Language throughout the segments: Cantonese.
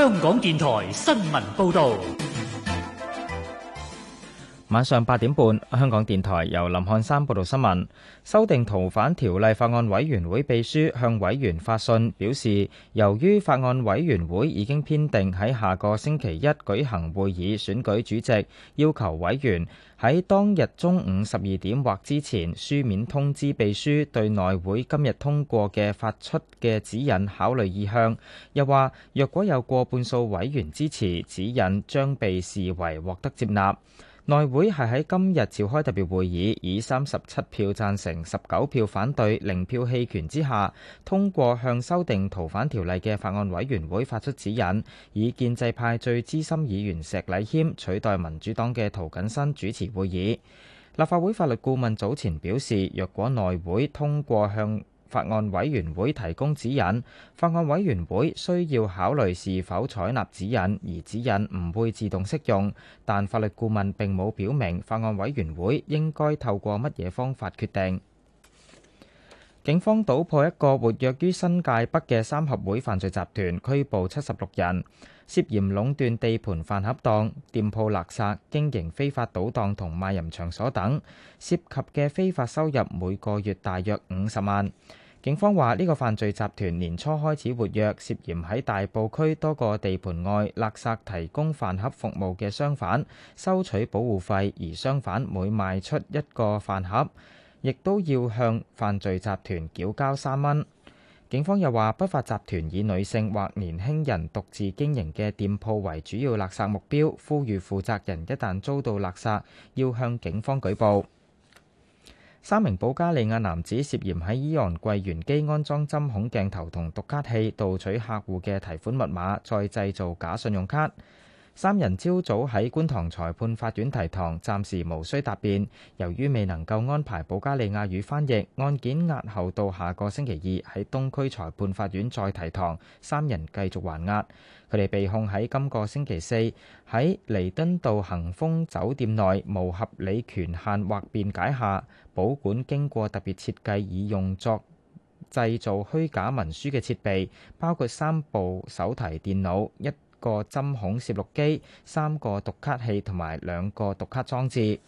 香港電台新聞報道。晚上八點半，香港電台由林漢山報道新聞。修訂逃犯條例法案委員會秘書向委員發信表示，由於法案委員會已經編定喺下個星期一舉行會議選舉主席，要求委員喺當日中午十二點或之前書面通知秘書對內會今日通過嘅發出嘅指引考慮意向。又話，若果有過半數委員支持指引，將被視為獲得接納。內會係喺今日召開特別會議，以三十七票贊成、十九票反對、零票棄權之下，通過向修訂逃犯條例嘅法案委員會發出指引，以建制派最資深議員石禮謙取代民主黨嘅涂謹申主持會議。立法會法律顧問早前表示，若果內會通過向法案委員會提供指引，法案委員會需要考慮是否採納指引，而指引唔會自動適用。但法律顧問並冇表明法案委員會應該透過乜嘢方法決定。警方搗破一個活躍於新界北嘅三合會犯罪集團，拘捕七十六人，涉嫌壟斷地盤、飯盒檔、店鋪垃圾、經營非法賭檔同賣淫場所等，涉及嘅非法收入每個月大約五十萬。警方話：呢個犯罪集團年初開始活躍，涉嫌喺大埔區多個地盤外勒索提供飯盒服務嘅商販收取保護費；而商販每賣出一個飯盒，亦都要向犯罪集團繳交三蚊。警方又話，不法集團以女性或年輕人獨自經營嘅店鋪為主要勒索目標，呼籲負責人一旦遭到勒索，要向警方舉報。三名保加利亞男子涉嫌喺伊昂櫃員機安裝針孔鏡頭同讀卡器，盜取客戶嘅提款密碼，再製造假信用卡。三人朝早喺觀塘裁判法院提堂，暫時無需答辯。由於未能夠安排保加利亞語翻譯，案件押後到下個星期二喺東區裁判法院再提堂。三人繼續還押。佢哋被控喺今個星期四喺彌敦道恒豐酒店內無合理權限或辯解下，保管經過特別設計以用作製造虛假文書嘅設備，包括三部手提電腦一個針孔攝錄機、三個讀卡器同埋兩個讀卡裝置。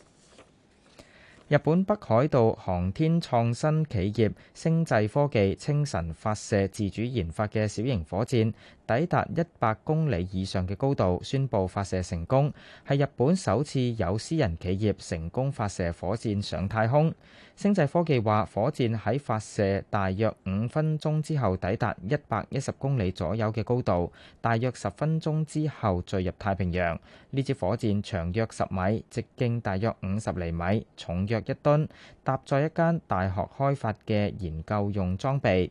日本北海道航天創新企業星際科技清晨發射自主研發嘅小型火箭。抵達一百公里以上嘅高度，宣佈發射成功，係日本首次有私人企業成功發射火箭上太空。星際科技話，火箭喺發射大約五分鐘之後抵達一百一十公里左右嘅高度，大約十分鐘之後墜入太平洋。呢支火箭長約十米，直徑大約五十厘米，重約一噸，搭載一間大學開發嘅研究用裝備。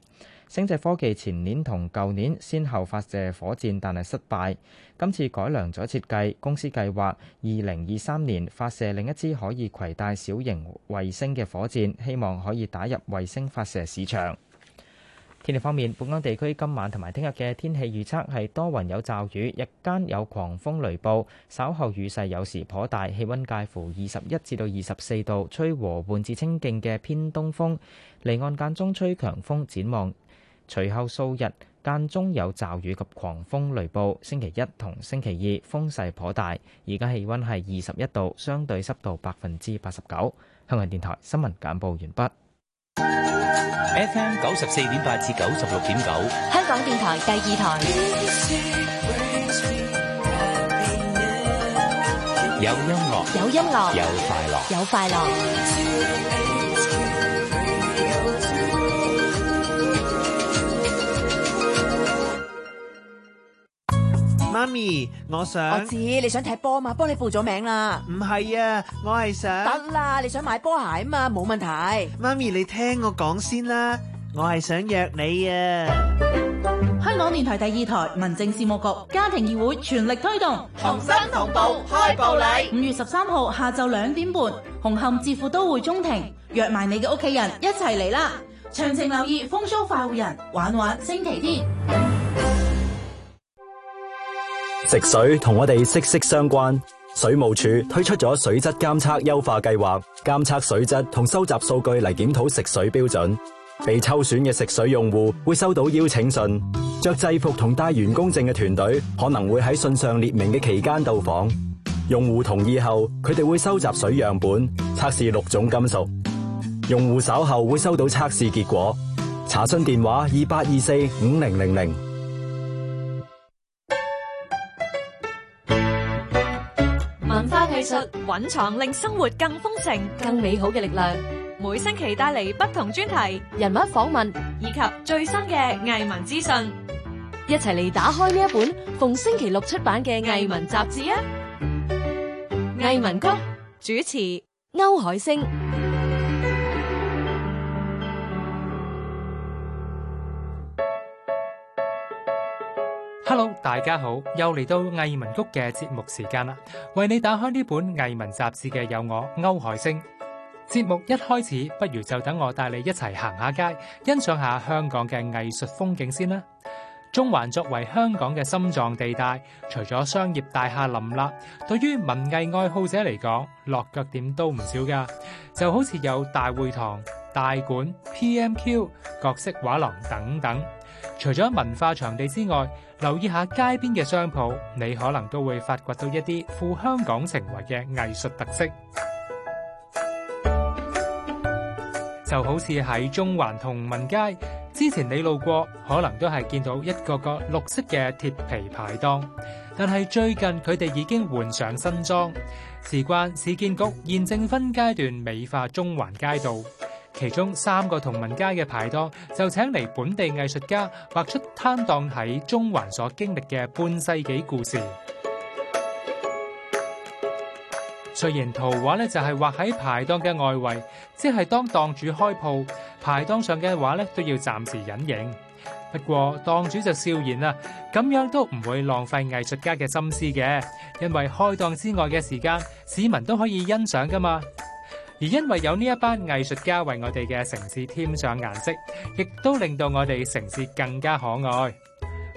星際科技前年同舊年先後發射火箭，但係失敗。今次改良咗設計，公司計劃二零二三年發射另一支可以攜帶小型衛星嘅火箭，希望可以打入衛星發射市場。天氣方面，本港地區今晚同埋聽日嘅天氣預測係多雲有驟雨，日間有狂風雷暴，稍後雨勢有時頗大，氣溫介乎二十一至到二十四度，吹和緩至清勁嘅偏東風，離岸間中吹強風展望。隨後數日間中有驟雨及狂風雷暴，星期一同星期二風勢頗大。而家氣溫係二十一度，相對濕度百分之八十九。香港電台新聞簡報完畢。FM 九十四點八至九十六點九，香港電台第二台。有音樂，有音樂，有快樂，有快樂。媽咪，我想我知你想踢波嘛，幫你報咗名啦。唔係啊，我係想得啦，你想買波鞋啊嘛，冇問題。媽咪，你聽我講先啦，我係想約你啊。香港電台第二台，民政事務局家庭議會全力推動同生同步開步禮。五月十三號下晝兩點半，紅磡置富都會中庭，約埋你嘅屋企人一齊嚟啦。詳情留意《風騷快活人》，玩玩星期天。食水同我哋息息相關，水務署推出咗水質監測優化計劃，監測水質同收集數據嚟檢討食水標準。被抽選嘅食水用戶會收到邀請信，着制服同帶員工證嘅團隊可能會喺信上列明嘅期間到訪。用戶同意後，佢哋會收集水樣本，測試六種金屬。用戶稍後會收到測試結果，查詢電話二八二四五零零零。蘊藏令生活更豐盛、更美好嘅力量，每星期帶嚟不同專題、人物訪問以及最新嘅藝文資訊，一齊嚟打開呢一本逢星期六出版嘅藝文雜誌啊！藝文谷主持區凱聲大家好，又嚟到藝文谷嘅節目時間啦。為你打開呢本藝文雜誌嘅有我區凱聲。節目一開始，不如就等我帶你一齊行下街，欣賞下香港嘅藝術風景先啦。中環作為香港嘅心臟地帶，除咗商業大廈林立，對於文藝愛好者嚟講，落腳點都唔少㗎。就好似有大會堂、大館、PMQ、各式畫廊等等。除咗文化場地之外，留意下街邊嘅商鋪，你可能都會發掘到一啲富香港情懷嘅藝術特色。就好似喺中環同文街，之前你路過，可能都係見到一個個綠色嘅鐵皮排檔，但係最近佢哋已經換上新裝。事關市建局現正分階段美化中環街道。其中三個同文街嘅排檔就請嚟本地藝術家畫出攤檔喺中環所經歷嘅半世紀故事。雖然圖畫咧就係畫喺排檔嘅外圍，即係當檔主開鋪，排檔上嘅畫咧都要暫時隱形。不過檔主就笑言啦，咁樣都唔會浪費藝術家嘅心思嘅，因為開檔之外嘅時間，市民都可以欣賞㗎嘛。而因為有呢一班藝術家為我哋嘅城市添上顏色，亦都令到我哋城市更加可愛。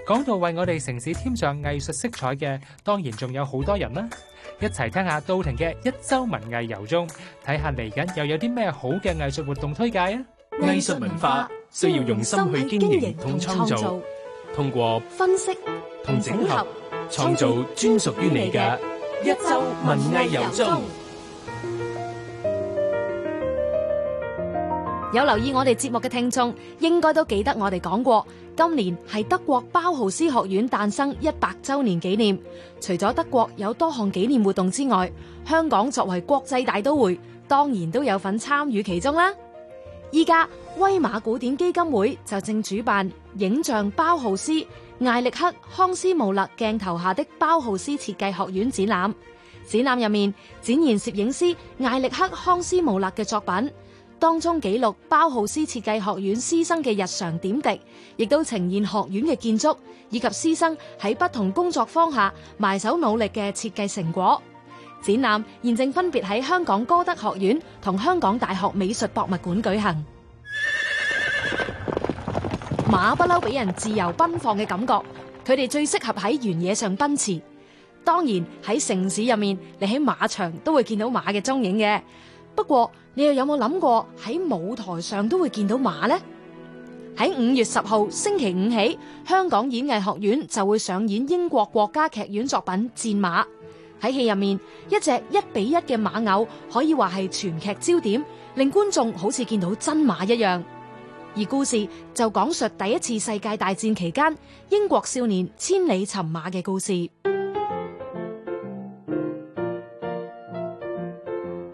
講到為我哋城市添上藝術色彩嘅，當然仲有好多人啦。一齊聽下杜婷嘅一周文藝遊中，睇下嚟緊又有啲咩好嘅藝術活動推介啊！藝術文化需要用心去經營同創造，通過分析同整合，創造專屬於你嘅一周文藝遊中。有留意我哋節目嘅聽眾，應該都記得我哋講過，今年係德國包豪斯學院誕生一百周年紀念。除咗德國有多項紀念活動之外，香港作為國際大都會，當然都有份參與其中啦。依家威馬古典基金會就正主辦《影像包豪斯：艾力克·康斯穆勒鏡頭下的包豪斯設計學院》展覽，展覽入面展現攝影師艾力克·康斯穆勒嘅作品。當中紀錄包浩斯設計學院師生嘅日常點滴，亦都呈現學院嘅建築以及師生喺不同工作坊下埋首努力嘅設計成果。展覽現正分別喺香港歌德學院同香港大學美術博物館舉行。馬不嬲俾人自由奔放嘅感覺，佢哋最適合喺原野上奔馳。當然喺城市入面，你喺馬場都會見到馬嘅蹤影嘅。不過，你又有冇諗過喺舞台上都會見到馬呢？喺五月十號星期五起，香港演藝學院就會上演英國國家劇院作品《戰馬》。喺戲入面，一隻一比一嘅馬偶可以話係全劇焦點，令觀眾好似見到真馬一樣。而故事就講述第一次世界大戰期間英國少年千里尋馬嘅故事。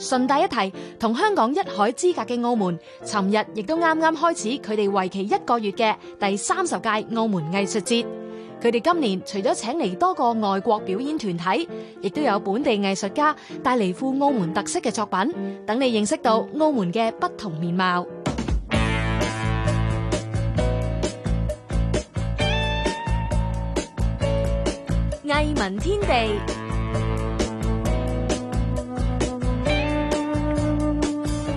順帶一提，同香港一海之隔嘅澳門，尋日亦都啱啱開始佢哋為期一個月嘅第三十屆澳門藝術節。佢哋今年除咗請嚟多個外國表演團體，亦都有本地藝術家帶嚟富澳門特色嘅作品，等你認識到澳門嘅不同面貌。藝文天地。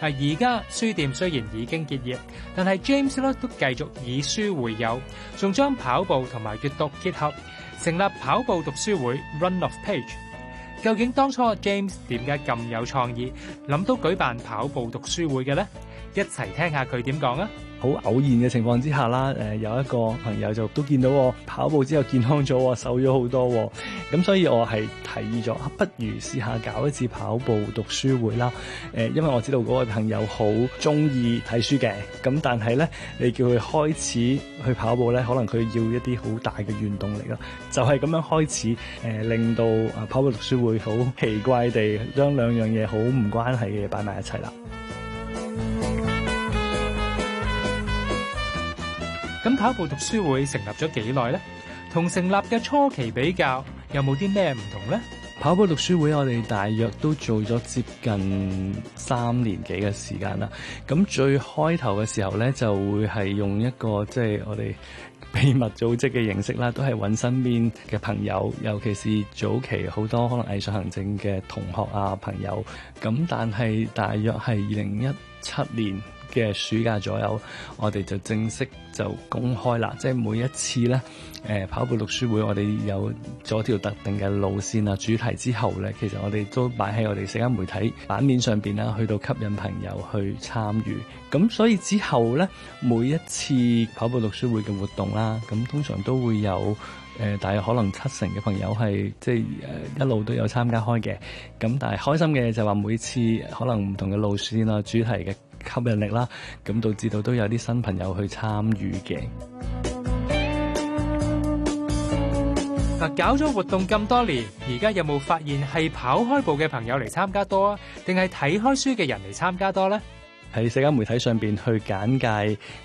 啊！而家書店雖然已經結業，但係 James 咧都繼續以書會友，仲將跑步同埋閱讀結合，成立跑步讀書會 （Run of Page）。究竟當初 James 點解咁有創意，諗到舉辦跑步讀書會嘅呢？一齊聽下佢點講啊！好偶然嘅情況之下啦，誒，有一個朋友就都見到我跑步之後健康咗，瘦咗好多，咁所以我係提議咗，不如試下搞一次跑步讀書會啦。誒，因為我知道嗰位朋友好中意睇書嘅，咁但係呢，你叫佢開始去跑步呢，可能佢要一啲好大嘅原動力啦，就係、是，咁樣開始，誒、呃，令到啊跑步讀書會好奇怪地將兩樣嘢好唔關係嘅嘢擺埋一齊啦。咁跑步讀書會成立咗幾耐呢？同成立嘅初期比較，有冇啲咩唔同呢？跑步讀書會我哋大約都做咗接近三年幾嘅時間啦。咁最開頭嘅時候呢，就會係用一個即係、就是、我哋秘密組織嘅形式啦，都係揾身邊嘅朋友，尤其是早期好多可能藝術行政嘅同學啊朋友。咁但係大約係二零一七年嘅暑假左右，我哋就正式就公開啦。即係每一次咧、呃，跑步讀書會，我哋有咗條特定嘅路線啊、主題之後咧，其實我哋都擺喺我哋社交媒體版面上邊啦，去到吸引朋友去參與，咁所以之後咧，每一次跑步讀書會嘅活動啦，咁通常都會有誒、呃、大約可能七成嘅朋友係即係一路都有參加開嘅。咁但係開心嘅就話每次可能唔同嘅路線啊、主題嘅。吸引力啦，咁導致到都有啲新朋友去參與嘅。嗱，搞咗活動咁多年，而家有冇發現係跑開步嘅朋友嚟參加多啊，定係睇開書嘅人嚟參加多呢？喺社交媒體上邊去簡介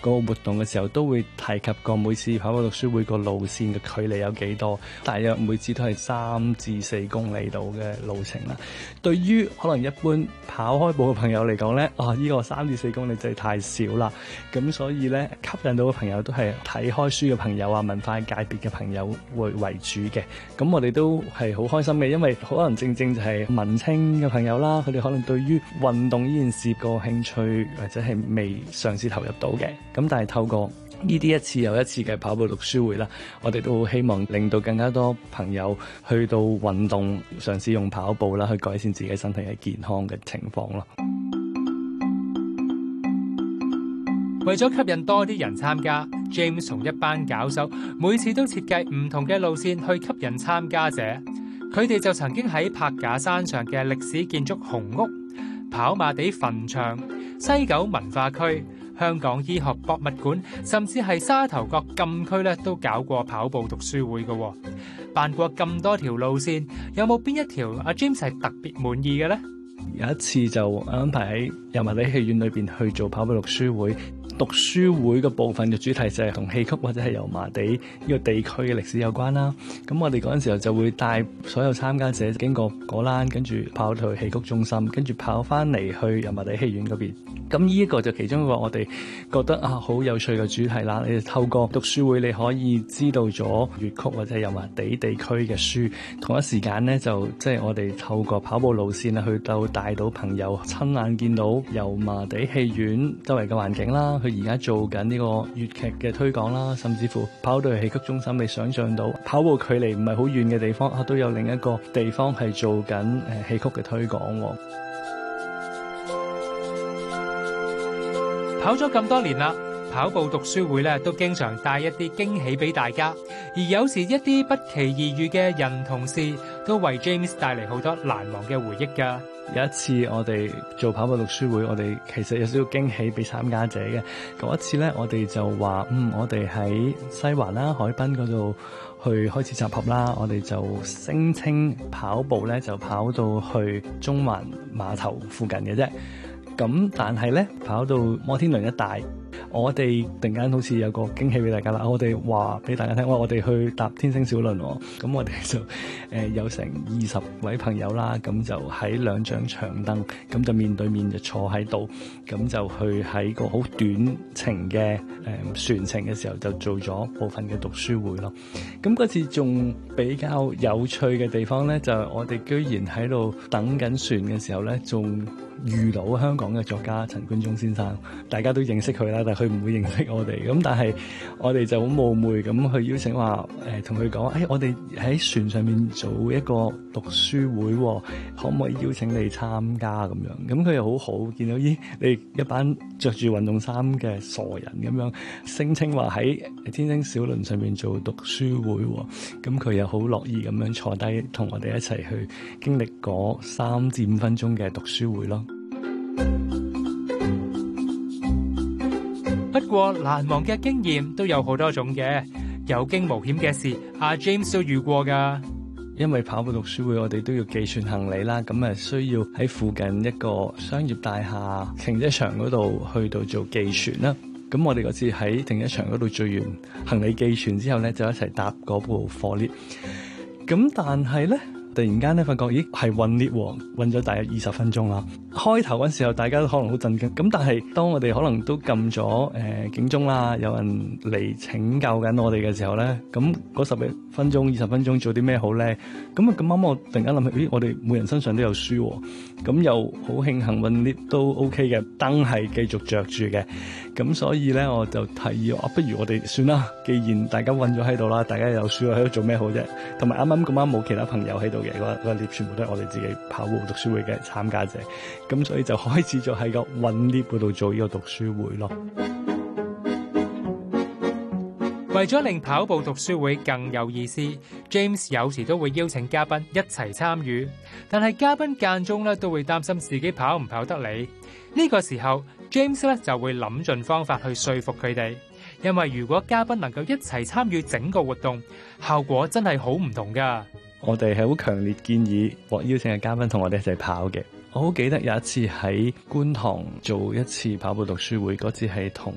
嗰個活動嘅時候，都會提及過每次跑步讀書會個路線嘅距離有幾多，大約每次都係三至四公里度嘅路程啦。對於可能一般跑開步嘅朋友嚟講呢，啊，呢個三至四公里真係太少啦。咁所以呢，吸引到嘅朋友都係睇開書嘅朋友啊，文化界別嘅朋友會為主嘅。咁我哋都係好開心嘅，因為可能正正就係文青嘅朋友啦，佢哋可能對於運動依件事個興趣。或者係未嘗試投入到嘅，咁但係透過呢啲一次又一次嘅跑步讀書會啦，我哋都好希望令到更加多朋友去到運動，嘗試用跑步啦去改善自己身體嘅健康嘅情況咯。為咗吸引多啲人參加，James 同一班搞手每次都設計唔同嘅路線去吸引參加者。佢哋就曾經喺柏架山上嘅歷史建築紅屋、跑馬地墳場、西九文化區、香港醫學博物館，甚至係沙頭角禁區咧，都搞過跑步讀書會嘅，哦。辦過咁多條路線，有冇邊一條阿、啊、James 係特別滿意嘅呢？有一次就安排喺油麻地戲院裏面去做跑步讀書會。讀書會嘅部分嘅主題就係同戲曲或者係油麻地呢個地區嘅歷史有關啦。咁我哋嗰陣時候就會帶所有參加者經過果欄，跟住跑去戲曲中心，跟住跑返嚟去油麻地戲院嗰邊。咁呢一個就其中一個我哋覺得啊好有趣嘅主題啦！你透過讀書會你可以知道咗粵曲或者油麻地地區嘅書，同一時間呢，就即係、就是、我哋透過跑步路線啊，去到帶到朋友親眼見到油麻地戲院周圍嘅環境啦。佢而家做緊呢個粵劇嘅推廣啦，甚至乎跑到去戲曲中心，你想象到跑步距離唔係好遠嘅地方，啊，都有另一個地方係做緊誒戲曲嘅推廣喎，啊。跑咗咁多年啦，跑步讀書會咧都經常帶一啲驚喜俾大家，而有時一啲不期而遇嘅人同事都為 James 帶嚟好多難忘嘅回憶噶。有一次我哋做跑步讀書會，我哋其實有少少驚喜俾參加者嘅。嗰一次咧，我哋就話嗯，我哋喺西環啦、海濱嗰度去開始集合啦，我哋就聲稱跑步咧就跑到去中環碼頭附近嘅啫。咁，但係咧，跑到摩天輪一帶。我哋突然間好似有個驚喜俾大家啦，我哋話俾大家聽，喂，我哋去搭天星小輪，咁我哋就誒、呃、有成二十位朋友啦，咁就喺兩張長凳，咁就面對面就坐喺度，咁就去喺個好短程嘅誒、呃、船程嘅時候就做咗部分嘅讀書會咯。咁嗰次仲比較有趣嘅地方咧，就係，我哋居然喺度等緊船嘅時候咧，仲遇到香港嘅作家陳冠中先生，大家都認識佢啦。但佢唔會認識我哋，咁但係我哋就好冒昧咁去邀請說，話誒同佢講，誒、哎、我哋喺船上面做一個讀書會喎，可唔可以邀請你參加咁樣？咁佢又好好見到，咦、哎、你一班着住運動衫嘅傻人咁樣，聲稱話喺天星小輪上面做讀書會喎，咁佢又好樂意咁樣坐低同我哋一齊去經歷嗰三至五分鐘嘅讀書會咯。過難忘嘅經驗都有好多種嘅，有驚無險嘅事阿 James 都遇過噶。因為跑步讀書會，我哋都要寄存行李啦，咁誒需要喺附近一個商業大廈停車場嗰度去到做寄存啦。咁我哋嗰次喺停車場嗰度做完行李寄存之後咧，就一齊搭嗰部貨 lift。咁但係咧。突然間咧，發覺咦係困 𨋢 喎，困咗大約二十分鐘啦。開頭嗰時候，大家都可能好震驚。咁但係當我哋可能都撳咗誒警鐘啦，有人嚟拯救緊我哋嘅時候咧，咁嗰十幾分鐘、二十分鐘做啲咩好咧？咁啊咁啱，我突然間諗起，咦我哋每人身上都有書喎，咁又好慶幸困 𨋢 都 OK 嘅，燈係繼續着住嘅。咁所以咧，我就提議啊，不如我哋算啦，既然大家困咗喺度啦，大家有書喺度做咩好啫？同埋啱啱咁啱冇其他朋友喺度。全部都係我哋自己跑步讀書會嘅參加者，咁所以就開始就喺個 run link 嗰度做呢個讀書會咯。為咗令跑步讀書會更有意思，James 有時都會邀請嘉賓一齊參與，但係嘉賓間中咧都會擔心自己跑唔跑得嚟。呢、呢個時候，James 咧就會諗盡方法去說服佢哋，因為如果嘉賓能夠一齊參與整個活動，效果真係好唔同噶。我哋係好強烈建議獲邀請嘅嘉賓同我哋一齊跑嘅。我好記得有一次喺觀塘做一次跑步讀書會，嗰次係同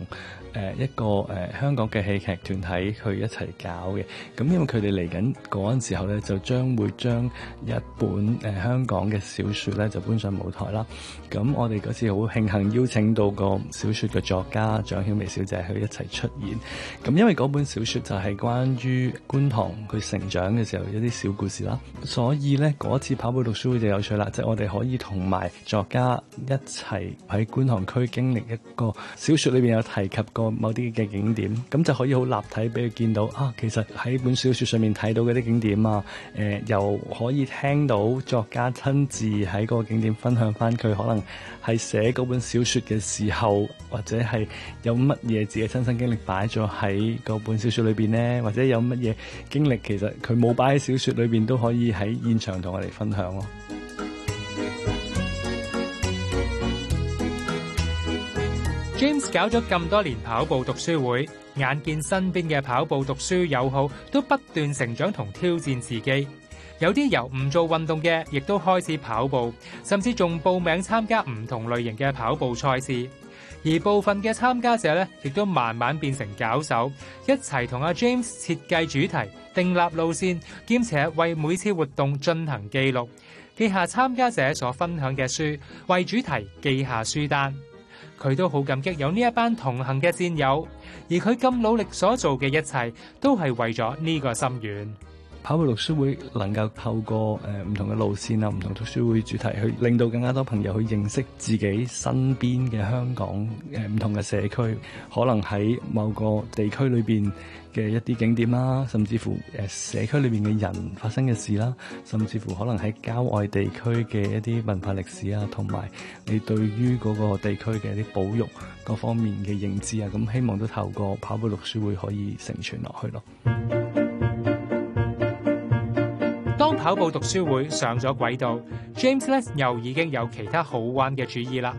誒一個誒，呃、香港嘅戲劇團體去一齊搞嘅，咁因為佢哋嚟緊嗰陣時候咧，就將會將一本、呃、香港嘅小説咧就搬上舞台啦。咁我哋嗰次好慶幸邀請到個小説嘅作家蔣曉薇小姐去一齊出演。咁因為嗰本小説就係關於觀塘佢成長嘅時候一啲小故事啦，所以咧嗰次跑步讀書會就有趣啦，即、就、係、是、我哋可以同埋作家一齊喺觀塘區經歷一個小説裏面有提及過某啲嘅景點，咁就可以好立體俾佢見到啊。其實喺本小説上面睇到嗰啲景點啊，誒、呃、又可以聽到作家親自喺個景點分享翻佢可能係寫嗰本小説嘅時候，或者係有乜嘢自己親身經歷擺咗喺個本小説裏邊呢？或者有乜嘢經歷，其實佢冇擺喺小説裏邊都可以喺現場同我哋分享咯、啊。James 搞咗咁多年跑步讀書會，眼見身邊嘅跑步讀書友好都不斷成長同挑戰自己，有啲由唔做運動嘅，亦都開始跑步，甚至仲報名參加唔同類型嘅跑步賽事。而部分嘅參加者咧，亦都慢慢變成搞手，一齊同阿 James 設計主題、訂立路線，兼且為每次活動進行記錄，記下參加者所分享嘅書，為主題記下書單。佢都好感激有呢一班同行嘅戰友，而佢咁努力所做嘅一切，都係為咗呢個心願。跑步讀書會能夠透過誒唔同嘅路線啊，唔同讀書會主題，去令到更加多朋友去認識自己身邊嘅香港誒唔同嘅社區，可能喺某個地區裏邊，嘅一啲景點啦，甚至乎誒社區裏面嘅人發生嘅事啦，甚至乎可能喺郊外地區嘅一啲文化歷史啊，同埋你對於嗰個地區嘅一啲保育各方面嘅認知啊，咁希望都透過跑步讀書會可以承傳落去咯。當跑步讀書會上咗軌道，James 呢又已經有其他好玩嘅主意啦。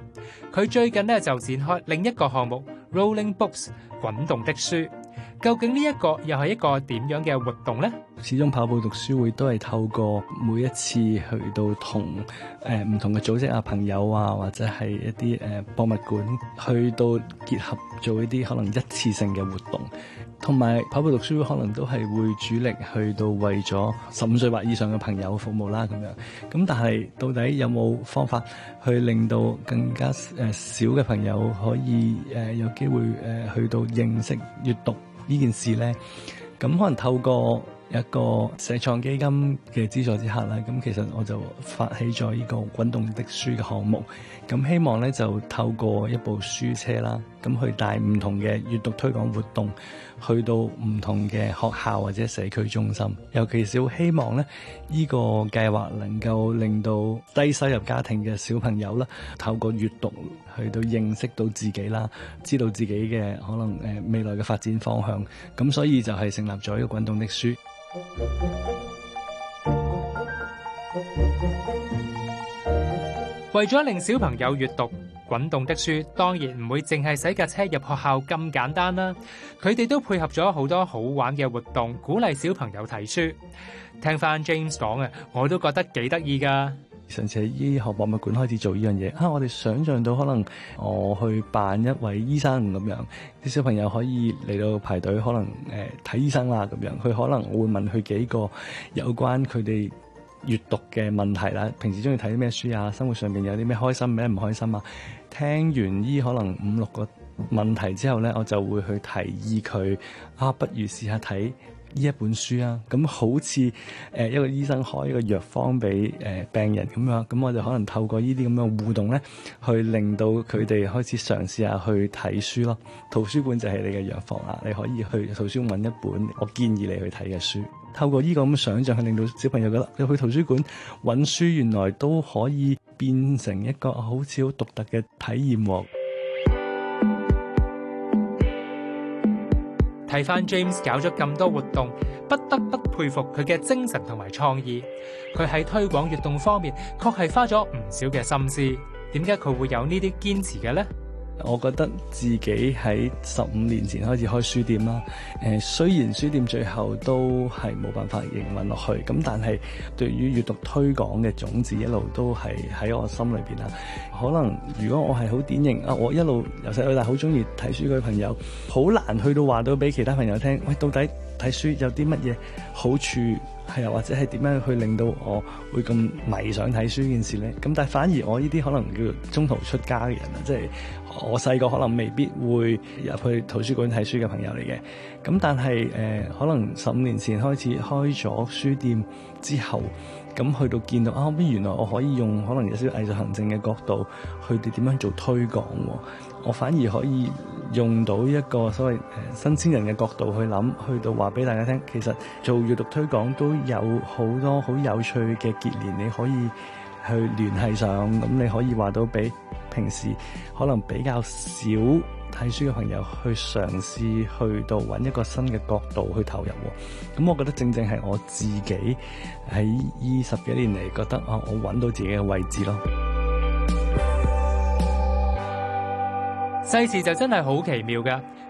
佢最近呢就展開另一個項目 Rolling Books 滾動的書。究竟呢一個又係一個點樣嘅活動咧？始終跑步讀書會都係透過每一次去到同誒唔同嘅組織啊、朋友啊，或者係一啲誒博物館去到結合做一啲可能一次性嘅活動，同埋跑步讀書會可能都係會主力去到為咗十五歲或以上嘅朋友服務啦。咁樣咁，但係到底有冇方法去令到更加誒少嘅朋友可以誒有機會誒去到認識閱讀？呢件事呢，咁可能透過一個社創基金嘅資助之下呢，咁其實我就發起咗呢個滾動的書嘅項目，咁希望呢，就透過一部書車啦，咁去帶唔同嘅閱讀推廣活動。去到唔同嘅學校或者社區中心，尤其是希望呢，依個計劃能夠令到低收入家庭嘅小朋友啦，透過閱讀去到認識到自己啦，知道自己嘅可能誒未來嘅發展方向。咁所以就係成立咗一個滾動的書，為咗令小朋友閱讀。滾動的書當然唔會淨係使架車入學校咁簡單啦，佢哋都配合咗好多好玩嘅活動，鼓勵小朋友睇書。聽翻 James 講嘅，我都覺得幾得意噶。上次喺醫學博物館開始做呢樣嘢，啊，我哋想象到可能我去扮一位醫生咁樣，啲小朋友可以嚟到排隊，可能誒睇醫生啦咁樣，佢可能我會問佢幾個有關佢哋閱讀嘅問題啦，平時中意睇啲咩書啊？生活上面有啲咩開心，咩唔開心啊？聽完呢可能五六個問題之後咧，我就會去提議佢啊，不如試下睇。呢一本書啊，咁好似誒一個醫生開一個藥方俾病人咁樣，咁我哋可能透過呢啲咁樣互動咧，去令到佢哋開始嘗試下去睇書咯。圖書館就係你嘅藥房啦，你可以去圖書館揾一本我建議你去睇嘅書。透過呢個咁嘅想像，去令到小朋友覺得你去圖書館揾書原來都可以變成一個好似好獨特嘅體驗喎。睇翻 James 搞咗咁多活動，不得不佩服佢嘅精神同埋創意。佢喺推廣活動方面，確係花咗唔少嘅心思。點解佢會有呢啲堅持嘅呢？我覺得自己喺十五年前開始開書店啦。誒、呃，雖然書店最後都係冇辦法營運落去，咁但係對於閱讀推廣嘅種子一路都係喺我心裏邊啦。可能如果我係好典型啊，我一路由細到大好中意睇書嘅朋友，好難去到話到俾其他朋友聽，喂，到底睇書有啲乜嘢好處係啊，或者係點樣去令到我會咁迷想睇書件事呢？咁但係反而我呢啲可能叫中途出家嘅人啊，即係。我細個可能未必會入去圖書館睇書嘅朋友嚟嘅，咁但係、呃、可能十五年前開始開咗書店之後，咁去到見到啊，原來我可以用可能有少少藝術行政嘅角度去點樣做推廣喎，啊，我反而可以用到一個所謂新鮮人嘅角度去諗，去到話俾大家聽，其實做閱讀推廣都有好多好有趣嘅結連，你可以去聯繫上，咁你可以話到俾。平時可能比較少睇書嘅朋友，去嘗試去到搵一個新嘅角度去投入喎。咁我覺得正正係我自己喺二十幾年嚟，覺得啊，我搵到自己嘅位置咯。世事就真係好奇妙㗎～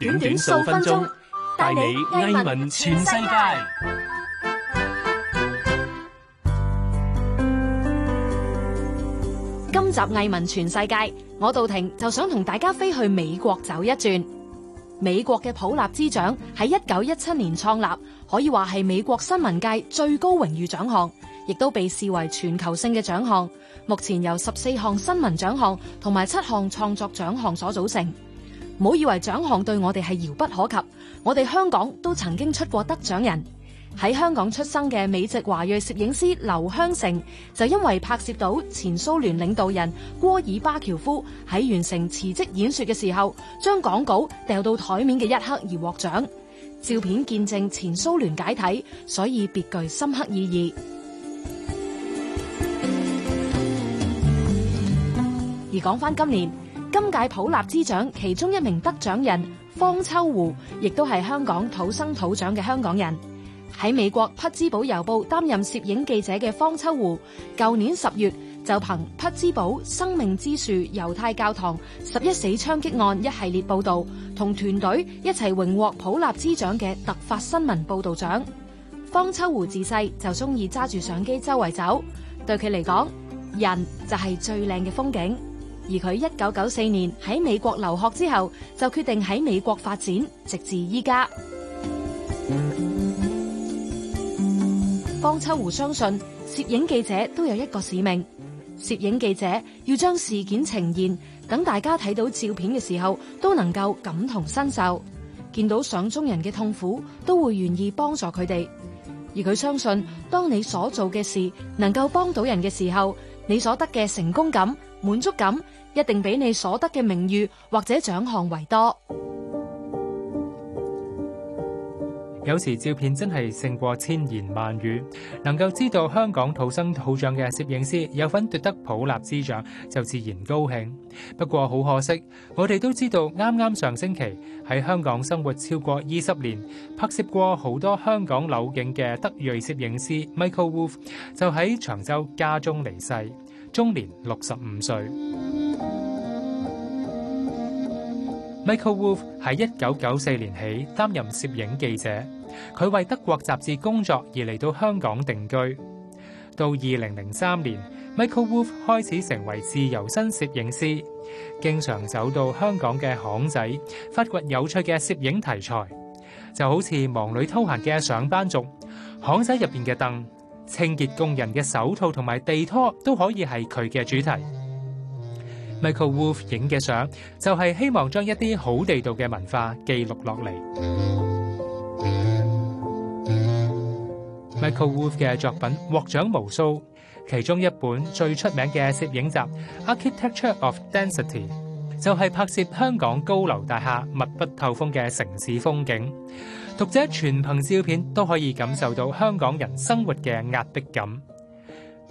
短短數分鐘，帶你藝文全世界。今集藝文全世界，我到庭就想同大家飛去美國走一轉。美國嘅普立茲獎喺一九一七年創立，可以話係美國新聞界最高榮譽獎項，亦都被視為全球性嘅獎項。目前由十四項新聞獎項同埋七項創作獎項所組成。唔好以為獎項對我哋係遙不可及，我哋香港都曾經出過得獎人。喺香港出生嘅美籍華裔攝影師劉香成，就因為拍攝到前蘇聯領導人戈爾巴喬夫喺完成辭職演說嘅時候，將講稿掉到台面嘅一刻而獲獎。照片見證前蘇聯解體，所以別具深刻意義。而講翻今年。今屆普立茲獎其中一名得獎人方秋湖，亦都係香港土生土長嘅香港人。喺美國《匹茲堡郵報》擔任攝影記者嘅方秋湖，舊年十月就憑《匹茲堡生命之樹》猶太教堂十一死槍擊案一系列報道，同團隊一齊榮獲普立茲獎嘅突發新聞報道獎。方秋湖自細就中意揸住相機周圍走，對佢嚟講，人就係最靚嘅風景。而佢一九九四年喺美國留學之後，就決定喺美國發展，直至依家。方秋湖相信，攝影記者都有一個使命：攝影記者要將事件呈現，等大家睇到照片嘅時候，都能夠感同身受，見到相中人嘅痛苦，都會願意幫助佢哋。而佢相信，當你所做嘅事能夠幫到人嘅時候，你所得嘅成功感、滿足感，一定比你所得嘅名譽或者獎項為多。有時照片真係勝過千言萬語，能夠知道香港土生土長嘅攝影師有份奪得普立茲獎，就自然高興。不過好可惜，我哋都知道啱啱上星期喺香港生活超過二十年、拍攝過好多香港樓景嘅德裔攝影師 Michael Wolf 就喺長洲家中離世，終年六十五歲。Michael Wolf 喺一九九四年起擔任攝影記者，佢為德國雜誌工作而嚟，到香港定居。到二零零三年，Michael Wolf 開始成為自由身攝影師，經常走到香港嘅巷仔，發掘有趣嘅攝影題材。就好似忙裏偷閒嘅上班族，巷仔入邊嘅凳、清潔工人嘅手套同埋地拖都可以係佢嘅主題。Michael Wolf 影嘅相就係希望將一啲好地道嘅文化記錄落嚟。Michael Wolf 嘅作品獲獎無數，其中一本最出名嘅攝影集《Architecture of Density》，就係拍攝香港高樓大廈密不透風嘅城市風景。讀者全憑照片都可以感受到香港人生活嘅壓迫感。